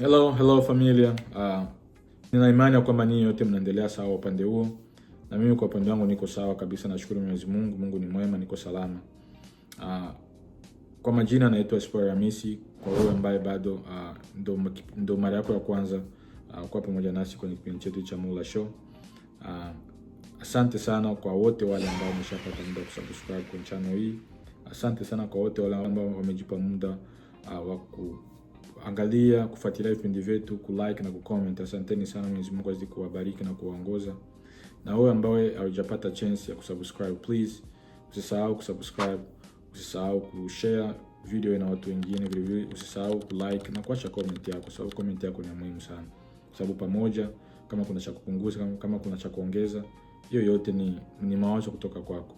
Hello, hello familia. Uh, nina imani ya kwamba ninyi yote mnaendelea sawa upande huo, na mimi kwa upande wangu niko sawa kabisa, nashukuru Mwenyezi Mungu. Mungu ni mwema, niko salama. Uh, kwa majina naitwa Espoir Hamisi. Kwa wewe ambaye bado uh, ndo, ndo mara yako ya kwanza uh, kwa pamoja nasi kwenye kipindi chetu cha Mula Show uh, asante sana kwa wote wale ambao wameshapata muda kusubscribe kwenye channel hii. Asante sana kwa wote wale ambao wamejipa muda uh, wa ku kuangalia, kufuatilia vipindi vyetu, kulike na kucomment. Asanteni sana, Mwenyezi Mungu azidi kuwabariki na kuwaongoza. Na wewe ambaye haujapata chance ya kusubscribe, please usisahau kusubscribe, usisahau kushare video na watu wengine, vile vile usisahau kulike na kuacha comment yako, sababu comment yako ni muhimu sana, sababu pamoja, kama kuna cha kupunguza, kama kuna cha kuongeza, hiyo yote ni, ni mawazo kutoka kwako,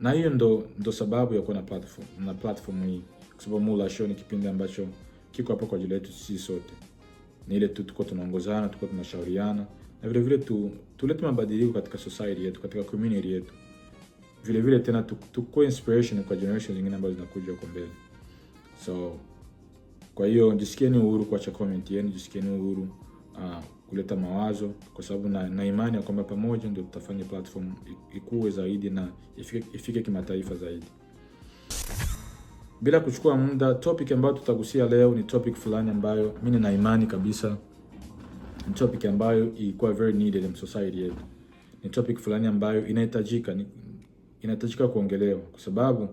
na hiyo ndo, ndo sababu ya kuwa na platform, na platform hii kwa sababu Mula Show ni kipindi ambacho kiko hapa kwa ajili yetu sisi sote. Ni ile tu tuko tunaongozana, tuko tunashauriana na vile vile tu, tulete mabadiliko katika society yetu, katika community yetu. Vile vile tena tuko inspiration kwa generation zingine ambazo zinakuja huko mbele. So kwa hiyo jisikieni uhuru kuacha comment yenu, jisikieni uhuru uh, kuleta mawazo kwa sababu na, na imani ya kwamba pamoja ndio tutafanya platform ikuwe zaidi na ifike, ifike kimataifa zaidi. Bila kuchukua muda, topic ambayo tutagusia leo ni topic fulani ambayo mimi nina imani kabisa ni topic ambayo ilikuwa very needed in society yetu. Ni topic fulani ambayo inahitajika inahitajika kuongelewa kwa sababu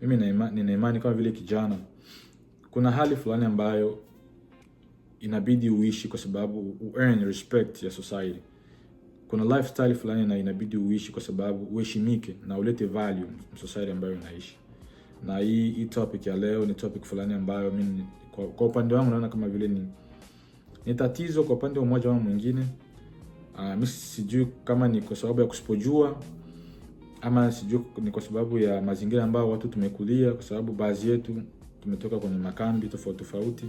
mimi nina imani, imani kama vile kijana, kuna hali fulani ambayo inabidi uishi kwa sababu u earn respect ya society. Kuna lifestyle fulani na inabidi uishi kwa sababu uheshimike na ulete value society ambayo unaishi na hii hii topic ya leo ni topic fulani ambayo mimi kwa, kwa upande wangu naona kama vile ni ni tatizo kwa upande mmoja au mwingine. Uh, mimi sijui kama ni kwa sababu ya kusipojua ama sijui ni kwa sababu ya mazingira ambayo watu tumekulia, kwa sababu baadhi yetu tumetoka kwenye makambi tofauti tofauti.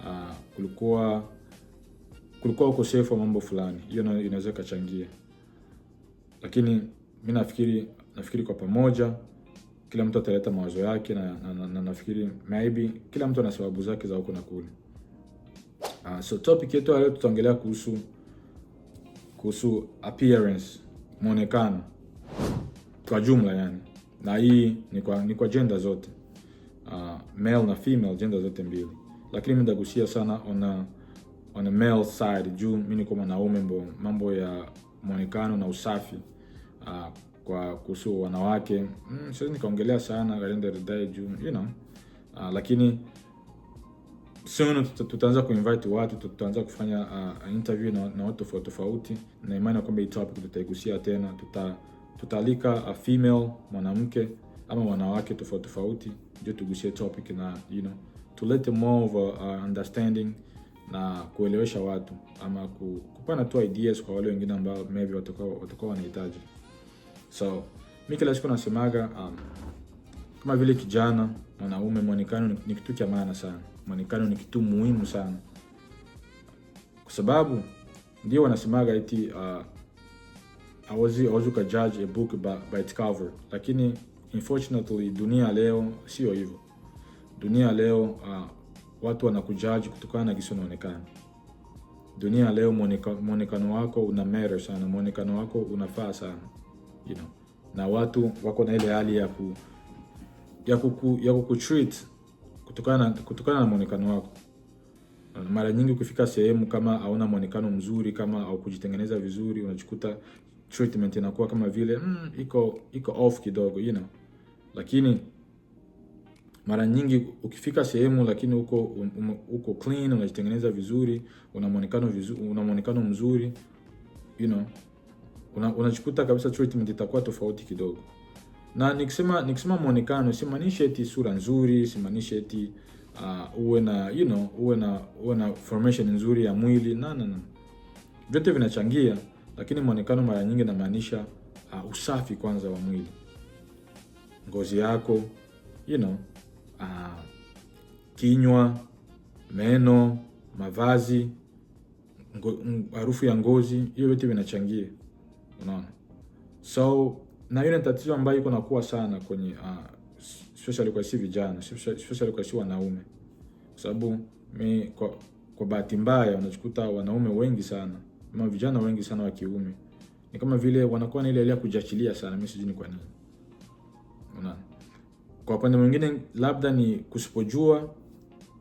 Uh, kulikuwa kulikuwa ukosefu wa mambo fulani, hiyo inaweza ikachangia, lakini mimi nafikiri nafikiri kwa pamoja kila mtu ataleta mawazo yake na, na, na, na nafikiri maybe kila mtu ana sababu zake za huko na kule. Uh, so topic yetu leo tutaongelea kuhusu kuhusu appearance, muonekano kwa jumla yani, na hii ni kwa, ni kwa gender zote uh, male na female, gender zote mbili, lakini mimi sana on a, on male side juu mimi ni kwa mwanaume, mambo ya muonekano na usafi uh, kwa kuhusu wanawake mm, siwezi nikaongelea sana Karinda Ridai juu you know uh, lakini soon tutaanza kuinvite watu, tutaanza kufanya uh, interview na, na watu tofauti tofauti, na imani kwamba hii topic tutaigusia tena, tuta tutalika a female mwanamke ama wanawake tofauti tofauti, ndio tugusie topic na you know tulete more of a, uh, understanding na kuelewesha watu ama kupana tu ideas kwa wale wengine ambao maybe watakuwa watakuwa wanahitaji. So mimi kila siku nasemaga um, kama vile kijana mwanaume, mwonekano ni kitu cha maana sana. Mwonekano ni kitu muhimu sana, kwa sababu ndio wanasemaga eti uh, hauwezi ukajudge a book by, by its cover, lakini unfortunately dunia leo sio hivyo. Dunia leo uh, watu wanakujaji kutokana na kisi unaonekana. Dunia leo mwonekano wako una matter sana, mwonekano wako unafaa sana you know, na watu wako na ile hali ya ku ya kuku, ya treat kutokana kutokana na muonekano wako. Mara nyingi ukifika sehemu kama hauna muonekano mzuri kama au kujitengeneza vizuri, unachukuta treatment inakuwa kama vile mm, iko iko off kidogo you know. Lakini mara nyingi ukifika sehemu lakini uko um, um uko clean, unajitengeneza vizuri, una muonekano vizuri, una muonekano mzuri you know unajikuta una kabisa treatment itakuwa tofauti kidogo. Na nikisema nikisema muonekano, simaanishe eti sura nzuri, simaanishe eti uh, uwe na you know, uwe na uwe na formation nzuri ya mwili na na na, vyote vinachangia, lakini muonekano mara nyingi namaanisha uh, ah, usafi kwanza wa mwili, ngozi yako you know, uh, kinywa, meno, mavazi, harufu ya ngozi, hiyo yote vinachangia. Unaona? So na hiyo ni tatizo ambayo iko nakuwa sana kwenye uh, especially kwa si vijana, especially kwa si wanaume. Kwa sababu mi kwa, kwa bahati mbaya unajikuta wanaume wengi sana ama vijana wengi sana wa kiume ni kama vile wanakuwa na ile hali ya kujiachilia sana. Mimi sijui ni kwa nini. Unaona? Kwa upande mwingine labda ni kusipojua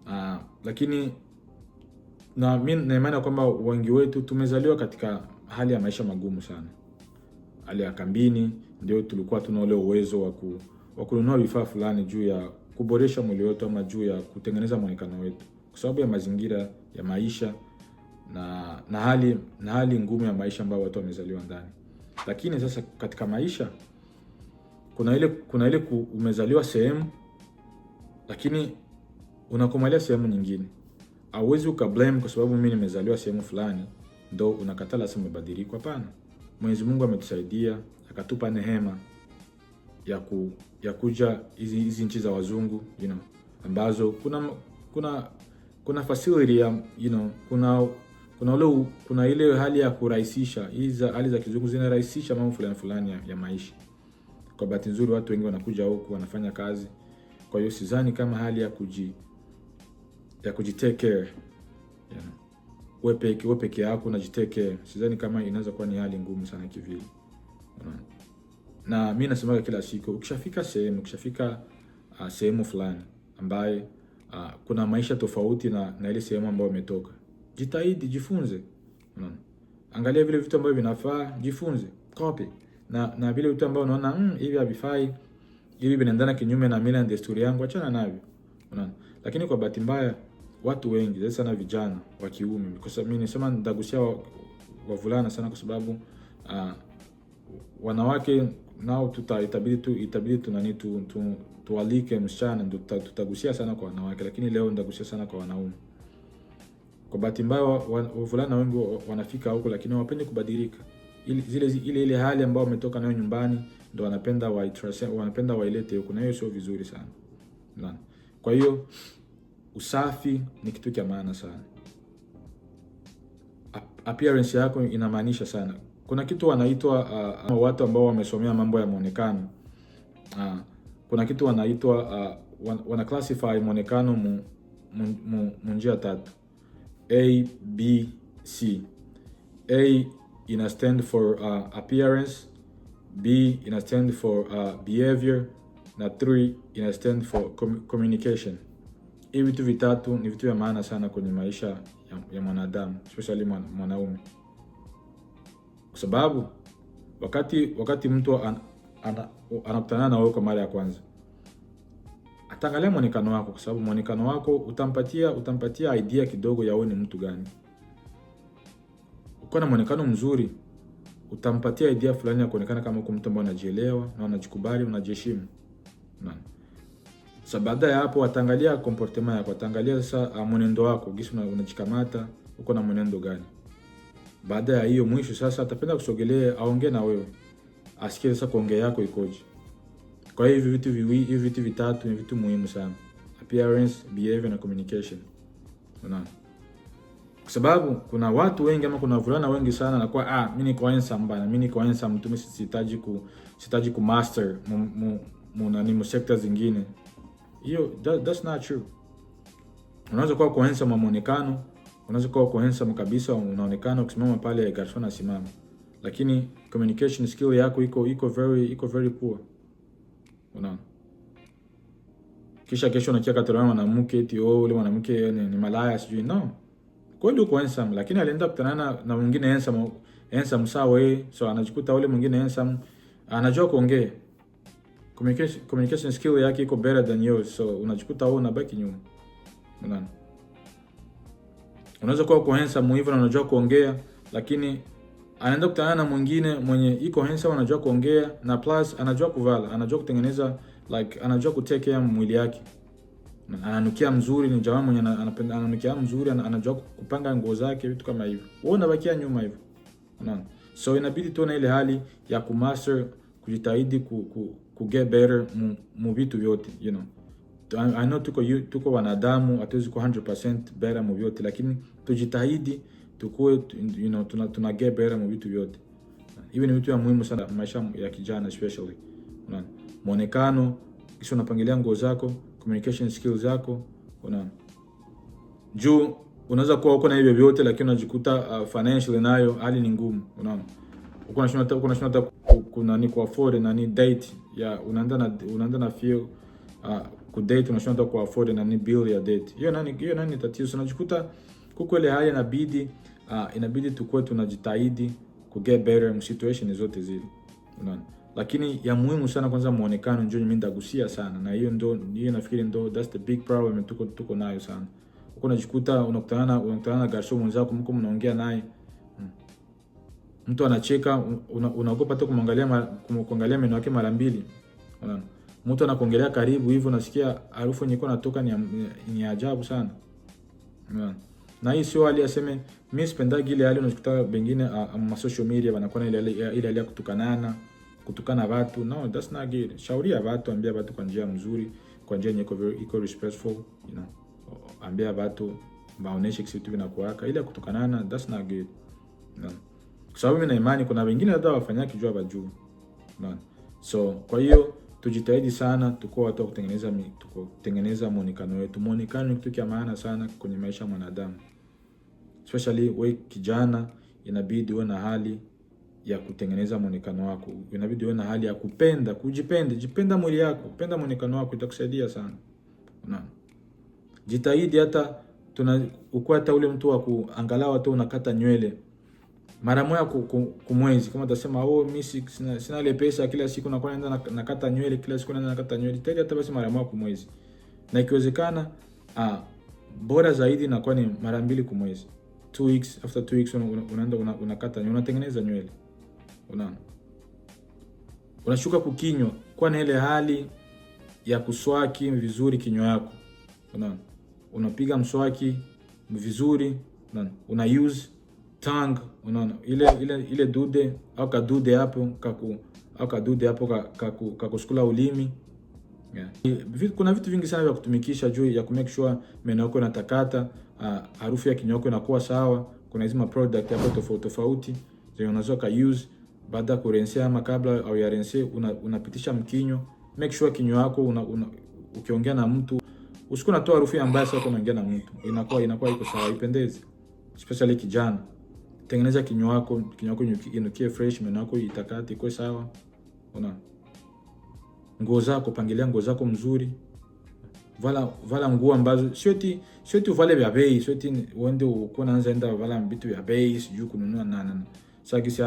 uh, lakini na mimi na imani kwamba wengi wetu tumezaliwa katika hali ya maisha magumu sana hali ya kambini, ndio tulikuwa tuna ule uwezo wa waku, kununua vifaa fulani juu ya kuboresha mwili wetu ama juu ya kutengeneza mwonekano wetu, kwa sababu ya mazingira ya maisha na, na, hali, na hali ngumu ya maisha ambayo watu wamezaliwa ndani. Lakini sasa katika maisha kuna ile kuna ile umezaliwa sehemu lakini unakomalia sehemu nyingine, hauwezi ukablame kwa sababu mimi nimezaliwa sehemu fulani ndo unakatala sasa umebadilika. Hapana. Mwenyezi Mungu ametusaidia akatupa nehema ya, ku, ya kuja hizi hizi nchi za wazungu you know, ambazo kuna kuna kuna facility ya you know, kuna kuna ule kuna ile hali ya kurahisisha hizi hali za kizungu zinarahisisha mambo fulani fulani ya, ya maisha. Kwa bahati nzuri watu wengi wanakuja huku wanafanya kazi, kwa hiyo sidhani kama hali ya kuji ya kujitake care know wewe wewe peke yako na Sidhani kama inaweza kuwa ni hali ngumu sana kivile. Na mimi nasemaga kila siku ukishafika sehemu, ukishafika uh, sehemu fulani ambaye uh, kuna maisha tofauti na, na ile sehemu ambayo umetoka. Jitahidi, jifunze. Unaona? Angalia vile vitu ambavyo vinafaa, jifunze. Copy. Na na vile vitu ambavyo unaona mm, hivi havifai, hivi vinaendana kinyume na mila na desturi yangu, achana navyo. Unaona? Lakini kwa bahati mbaya watu wengi zaidi sana vijana wa kiume, kwa sababu mimi nasema ndagusia wavulana sana, kwa sababu uh, wanawake nao tuta itabidi tu itabidi tu nani tu, tu tualike msichana, ndio tutagusia sana kwa wanawake, lakini leo ndagusia sana kwa wanaume. Kwa bahati mbaya, wavulana wengi wanafika huko, lakini hawapendi kubadilika ile zile ile ile hali ambayo wametoka nayo nyumbani, ndo wanapenda wanapenda wailete huko, na hiyo sio vizuri sana. Kwa hiyo usafi ni kitu cha maana sana. Appearance yako inamaanisha sana. Kuna kitu wanaitwa uh, uh watu ambao wamesomea mambo ya muonekano uh, kuna kitu wanaitwa uh, wana classify muonekano mu, mu, mu njia tatu A, B, C. A ina stand for uh, appearance, B ina stand for uh, behavior na 3 ina stand for com communication. Hii vitu vitatu ni vitu vya maana sana kwenye maisha ya, ya mwanadamu especially mwanaume, kwa sababu wakati wakati mtu an, an, an, nawe kwa mara ya kwanza ataangalia mwonekano wako, kwa sababu mwonekano wako utampatia utampatia idea kidogo ya wewe ni mtu gani. Ukiwa na mwonekano mzuri utampatia idea fulani ya kuonekana kama uko mtu ambaye unajielewa na unajikubali, unajiheshimu. Naam. Sasa baada ya hapo wataangalia comportement yako, wataangalia sasa ah, mwenendo wako, gisi unajikamata, uko na mwenendo gani. Baada ya hiyo mwisho sasa atapenda kusogelea, aongee na wewe, asikie sasa kuongea yako ikoje. Kwa hiyo hivi vitu viwi, hivi vitu vitatu ni vitu muhimu sana: appearance, behavior na communication. Unaona, kwa sababu kuna watu wengi ama kuna vulana wengi sana na kwa ah, mimi niko handsome bana, mimi niko handsome tu, mimi sihitaji ku sihitaji ku master mu, mu, mu, mu, mu, mu, mu, hiyo that, that's not true. Unaweza kuwa handsome mwonekano unaweza kuwa handsome kabisa, unaonekana ukisimama pale garson asimama, lakini communication skill yako iko iko very iko very poor, unaona. Kisha kesho unakia katolea mwanamke eti oh, ule mwanamke ni, ni malaya sijui. No, kweli uko ensam lakini alienda kutana na mwingine ensam ensam sawa, eh so anajikuta ule mwingine ensam anajua kuongea communication, communication skill yake iko better than you so unajikuta wewe unabaki nyuma. Unaona, unaweza kuwa kuhensa handsome na unajua kuongea, lakini anaenda kutana na mwingine mwenye iko hensa anajua kuongea na plus anajua kuvala, anajua kutengeneza like, anajua kutake care mwili yake, ananukia mzuri, ni jamaa mwenye anapenda, ananukia mzuri, anajua kupanga nguo zake, vitu kama hivyo. Wewe unabakia nyuma hivyo, unaona. So inabidi tuone ile hali ya kumaster, kujitahidi ku, ku ku get better mu vitu vyote you know. I know tuko, tuko wanadamu hatuwezi ku 100% better mu vyote, lakini tujitahidi tukue you know, tuna, tuna get better mu vitu vyote. Hivi ni vitu ya muhimu sana maisha ya kijana especially. Unaona? Muonekano, kisha unapangilia nguo zako, communication skills zako, unaona? Juu unaweza kuwa uko na hivyo vyote lakini unajikuta uh, financially nayo hali ni ngumu, unaona? Uko na shida kuna ni kwa afford na ni date ya unaenda na unaenda na feel uh, ah, ku date unashona unashindwa kwa afford na ni bill ya date. Hiyo nani hiyo nani tatizo? Unajikuta kuko ile hali inabidi uh, inabidi tukue tunajitahidi ku get better in situation zote zile. Unaona? Lakini ya muhimu sana kwanza muonekano njoo mimi ndagusia sana na hiyo ndo hiyo nafikiri ndo that's the big problem tuko tuko nayo sana. Uko unajikuta unakutana unakutana na garso mwenzako mko mnaongea naye mtu anacheka, unaogopa una tu kumwangalia kuangalia meno yake mara mbili. Unaona, mtu anakuongelea karibu hivyo, unasikia harufu nyiko natoka ni, ni ajabu sana. Unaona, na hii sio hali aseme. Mimi sipendagi ile hali unakuta bengine ma social media wanakuwa ile ile hali ya kutukanana, kutukana watu. No, that's not good. Shauria watu, ambia watu kwa njia mzuri, kwa njia nyiko iko respectful, you know. Ambia watu baoneshe kitu vinakuwaka, ile kutukanana that's not good. No kwa sababu mimi na imani kuna wengine labda wafanyaki kijua bajuu, unaona. So kwa hiyo tujitahidi sana, tukuwa watu wa kutengeneza kutengeneza muonekano wetu. Muonekano ni kitu cha maana sana kwenye maisha ya mwanadamu, especially wewe kijana, inabidi uwe na hali ya kutengeneza muonekano wako, inabidi uwe na hali ya kupenda, kujipenda, jipenda mwili yako, penda muonekano wako, itakusaidia sana, unaona. Jitahidi hata tuna ukuwa hata ule mtu wa kuangalau hata unakata nywele mara moja kumwezi, kama utasema oh, mimi sina, sina ile pesa, kila siku nakuwa naenda nakata nywele, kila siku naenda nakata nywele, tayari hata basi mara moja kumwezi, na ikiwezekana ah, bora zaidi inakuwa ni mara mbili kumwezi, two weeks after two weeks unaenda una, unakata una unatengeneza nywele, unaona unashuka kukinywa, kuwa na ile hali ya kuswaki vizuri kinywa yako, unaona unapiga mswaki vizuri, unaona una use tang, unaona ile ile ile dude au kadude hapo kaku au kadude hapo kaku, kakushukula ulimi yeah. Kuna vitu vingi sana vya kutumikisha juu ya kumake sure meno yako inatakata, ah, harufu uh, ya kinywa yako inakuwa sawa. Kuna hizo product hapo tofauti tofauti zenye unazo ka use baada ya kurense ama kabla au ya rense, unapitisha una mkinyo, make sure kinywa yako una, una, ukiongea na mtu usiku natoa harufu mbaya, sasa unaongea na mtu inakuwa inakuwa iko sawa, ipendeze especially kijana tengeneza kinywa wako, kinywa wako inukie fresh, meno yako itakate, iko sawa. Ona nguo zako, pangilia nguo zako mzuri, vala vala nguo ambazo sio ti sio eti uvale vya bei, sio ti uende uko naanza enda vala vitu vya bei, sijui kununua na na sasa kisi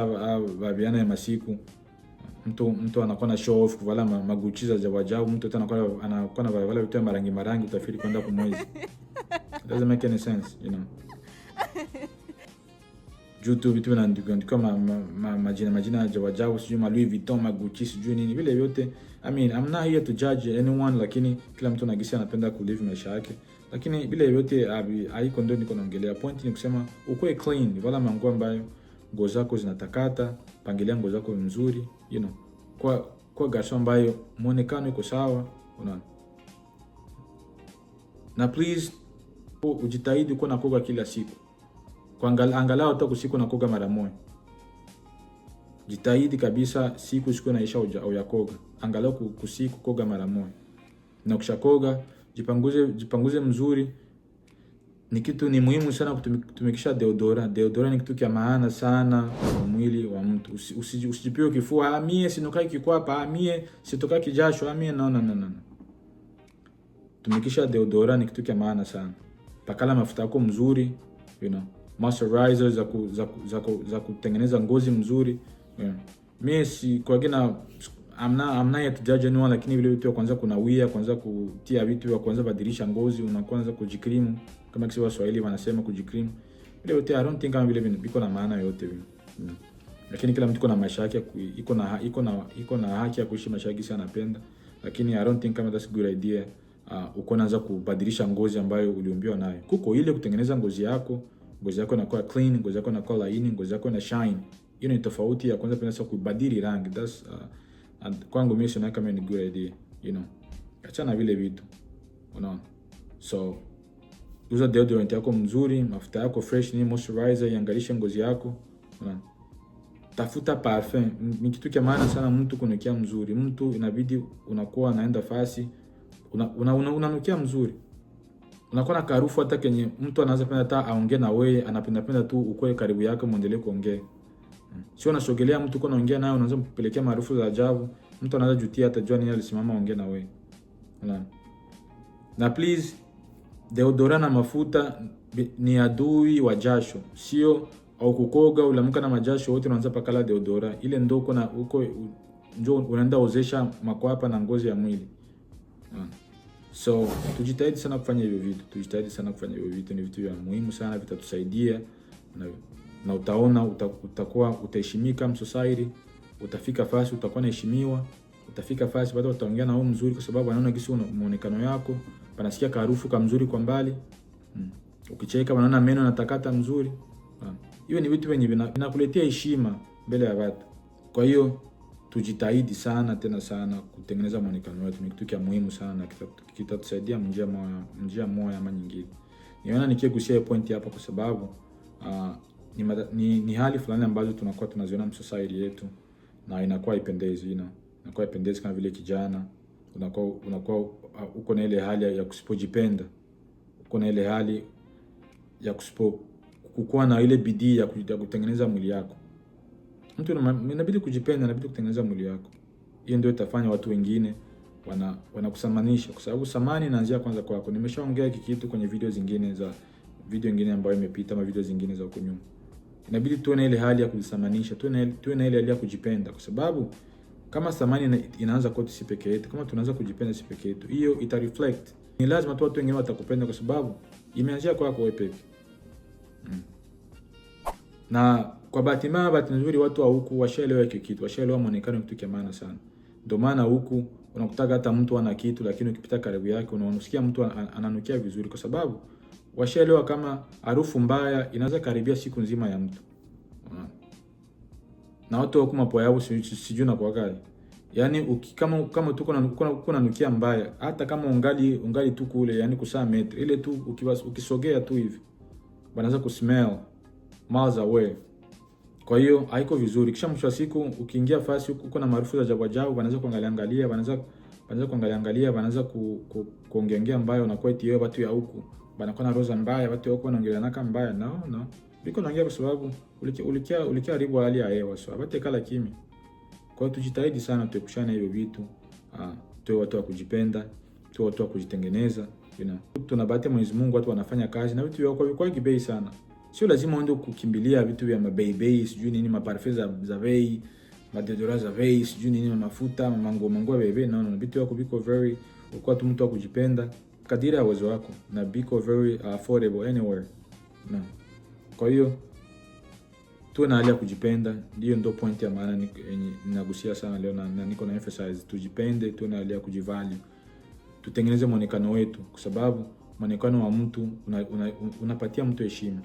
vabiana ya masiku mtu mtu anakuwa na show off kuvala maguchi za ajabu ajabu, mtu anakuwa anakuwa na vala vitu vya marangi marangi, utafikiri kwenda kumwezi. Doesn't make any sense, you know juu tu vitu vinaandikiwa ma, ma, ma, majina majina ya jawajao sijui ma Louis Vuitton ma Gucci sijui nini vile vyote. I mean I'm not here to judge anyone, lakini kila mtu anagisi anapenda ku live maisha yake, lakini vile vyote haiko, ndio niko naongelea. Point ni kusema ukue clean, wala manguo ambayo nguo zako zinatakata, pangilia nguo zako mzuri, you know, kwa kwa gasho ambayo muonekano uko sawa, unaona na please, ujitahidi kuwa nakoga kila siku kwa angalau hata kusiku na koga mara moja. Jitahidi kabisa siku siku naisha uyakoga, angalau kusiku koga mara moja, na ukishakoga jipanguze, jipanguze mzuri. Ni kitu ni muhimu sana kutumikisha deodora. Deodora ni kitu kya maana sana kwa mwili wa mtu. Usijipio usi, usi kifua amie sinukai kikwapa, ah mie sitokai kijasho, amie mie no no no no. Tumikisha deodora, ni kitu kya maana sana. Pakala mafuta yako mzuri, you know moisturizer za, ku, za, ku, za, ku, za kutengeneza ngozi mzuri yeah. Mi si kwa kina amna amna ya tujaje anyone, lakini vile vitu kwanza kuna wia kwanza kutia vitu vya kwanza badilisha ngozi, unaanza kujikrimu kama kisi Waswahili wanasema kujikrimu, vile vitu I don't think kama vile viko na maana yote vile mm. Lakini kila mtu kuna maisha yake, iko na iko na iko na haki ya kuishi maisha yake sana penda lakini I don't think kama that's a good idea uh, uko naanza kubadilisha ngozi ambayo uliumbiwa nayo, kuko ile kutengeneza ngozi yako ngozi yako inakuwa clean, ngozi yako inakuwa laini, ngozi yako ina shine. Hiyo ni tofauti ya kwanza pia kubadili rangi. That's uh, and kwangu mimi sio kama ni good idea, you know. Achana vile vitu. Unaona? So uza deodorant yako mzuri, mafuta yako fresh, ni moisturizer, iangalishe ngozi yako. Unaona? Tafuta parfum. Ni kitu kia maana sana mtu kunukia mzuri. Mtu inabidi unakuwa unaenda fasi unanukia una, una, una mzuri unakuwa na karufu hata kenye mtu anaweza penda hata aongee na wewe, anapenda penda tu ukoe karibu yake, muendelee kuongea. Hmm. Sio unashogelea mtu uko naongea naye, unaanza kupelekea maarufu za ajabu. Mtu anaweza jutia, atajua nini alisimama aongee na wewe. Unaona? Na please, deodora na mafuta ni adui wa jasho, sio au kukoga ulamka na majasho wote unaanza pakala deodora ile ndoko na uko ndio unaenda ozesha makwapa na ngozi ya mwili. Unaona? So tujitahidi sana kufanya hivyo vitu, tujitahidi sana kufanya hivyo vitu, ni vitu vya muhimu sana, vitatusaidia na, na utaona utakuwa utaheshimika msociety, utafika fasi, utakuwa naheshimiwa, utafika fasi, baada utaongea na wao mzuri, kwa sababu anaona gisi muonekano yako, panasikia kaharufu mzuri kwa mbali mm. Ukicheka wanaona meno natakata mzuri hiyo Ni vitu vyenye vinakuletea heshima mbele ya watu, kwa hiyo tujitahidi sana tena sana kutengeneza mwonekano wetu. Ni kitu cha muhimu sana, kitatusaidia kita njia moja ama nyingine. Niona nikigusia point hapa kwa sababu uh, ni, ni, ni hali fulani ambazo tunakuwa tunaziona msociety yetu na inakuwa ipendezi ina inakuwa ipendezi, kama vile kijana unakuwa unakuwa ah, uko na ile hali ya kusipojipenda, uko na ile hali ya kusipo kukuwa na ile bidii ya kutengeneza mwili yako Mtu inabidi kujipenda, inabidi kutengeneza mwili wako. Hiyo ndio itafanya watu wengine wanakusamanisha wana kwa sababu samani inaanzia kwanza kwako. Nimeshaongea hiki kitu kwenye video zingine za video nyingine ambayo imepita ama video zingine za huko nyuma. Inabidi tuwe na ile hali ya kujisamanisha, tuwe na tuwe na ile hali ya kujipenda kwa sababu kama samani inaanza kwetu si peke yetu, kama tunaanza kujipenda si peke yetu, hiyo ita reflect. Ni lazima tu watu wengine watakupenda kwa sababu imeanzia kwako wewe peke. mm. Na kwa bahati mbaya, bahati nzuri, watu wa huku washaelewa hicho kitu, washaelewa muonekano, kitu cha maana sana. Ndio maana huku unakutaka hata mtu ana kitu, lakini ukipita karibu yake unaonusikia mtu ananukia vizuri, kwa sababu washaelewa kama harufu mbaya inaweza karibia siku nzima ya mtu. Na watu wako mapoa yao sijui na kwa gani. Yaani uki, kama kama na kuna kuna nukia mbaya, hata kama ungali ungali tu kule, yani kusaa metri ile tu ukisogea tu hivi, Wanaanza kusmell miles away. Kwa hiyo haiko vizuri. Kisha mwisho wa siku ukiingia fasi huko na maarufu za ajabu ajabu, wanaweza kuangalia angalia, wanaweza wanaweza kuangalia angalia, wanaweza ku, ku, kuongeongea ambayo unakuwa eti wewe watu ya huku banakuwa na roza mbaya, watu huko wanaongelea naka mbaya. No, no biko naongea kwa sababu ulikia ulikia ulikia haribu hali ya hewa, so abate kala kimi. Kwa hiyo tujitahidi sana, tuepushane hivyo vitu ah, tuwe watu wa kujipenda, tuwe watu wa kujitengeneza, you know. Tuna Mwenyezi Mungu, watu wanafanya kazi na vitu vyao kwa vikwaji bei sana. Sio lazima uende kukimbilia vitu vya mabeibei, sijui nini, maparfum za za bei, madedora za bei, sijui nini, mafuta mango mango ya bebe. Naona vitu vyako viko very, ukiwa tu mtu wa kadiri ya uwezo wako, na biko very uh, affordable anywhere na kwa hiyo tuwe na hali ya kujipenda, ndiyo ndo point ya maana ninagusia sana leo na, na niko na emphasize tujipende, tuwe na hali ya kujivalue, tutengeneze mwonekano wetu, kwa sababu mwonekano wa mtu unapatia una, una mtu heshima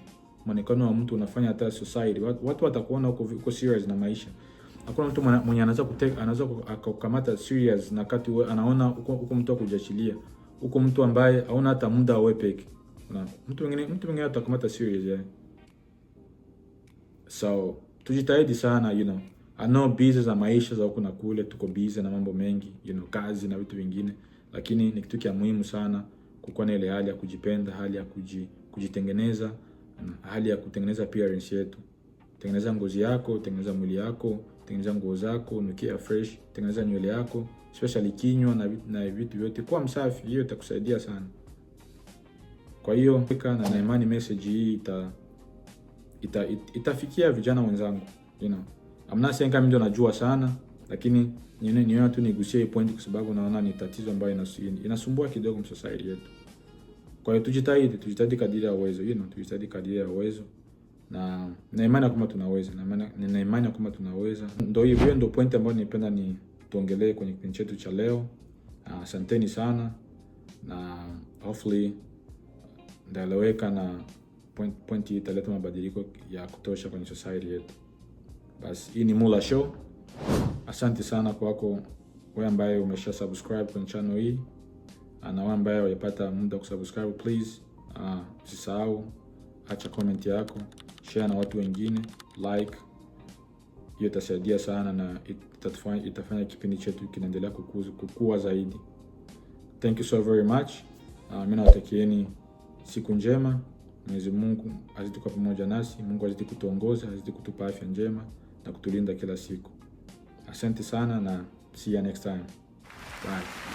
muonekano wa mtu unafanya hata society, watu watakuona uko, uko serious na maisha. Hakuna mtu mwenye anaweza kuteka anaweza akakamata serious na kati we, anaona uko, uko mtu akujachilia uko mtu ambaye haona hata muda wewe peke na mtu mwingine mtu mwingine atakamata serious yeah. So tujitahidi sana you know I know busy za maisha za huko na kule, tuko busy na mambo mengi you know, kazi na vitu vingine, lakini ni kitu kia muhimu sana kukua na ile hali ya kujipenda, hali ya kuji, kujitengeneza hali ya kutengeneza appearance yetu. Tengeneza ngozi yako, tengeneza mwili yako, tengeneza nguo zako, nukia fresh, tengeneza nywele yako, especially kinywa na, na vitu vyote. Kuwa msafi, hiyo itakusaidia sana. Kwa hiyo na na message hii ita, ita, ita, itafikia vijana wenzangu you know. I'm not saying kama ndio najua sana lakini niona tu nigusie hii point kwa sababu naona ni tatizo ambayo inasumbua kidogo msociety yetu. Kwa hiyo tujitahidi, tujitahidi kadiri ya uwezo, you know, tujitahidi kadiri ya uwezo na na imani kwamba tunaweza, na imani na imani kwamba tunaweza. Ndio hiyo ndio point ambayo nipenda ni tuongelee kwenye kipindi chetu cha leo. Asanteni uh, sana na hopefully ndaeleweka na point point hii italeta mabadiliko ya kutosha kwenye society yetu. Basi hii ni Mula Show. Asante sana kwako wewe ambaye umesha subscribe kwenye channel hii na wale ambao walipata muda kusubscribe, please ah, usisahau uh, acha comment yako, share na watu wengine, like. Hiyo itasaidia sana na itatufanya, itafanya kipindi chetu kinaendelea kukua zaidi. Thank you so very much. Uh, mimi nawatakieni siku njema. Mwenyezi Mungu azidi kuwa pamoja nasi, Mungu azidi kutuongoza, azidi kutupa afya njema na kutulinda kila siku. Asante sana na see you next time. Bye.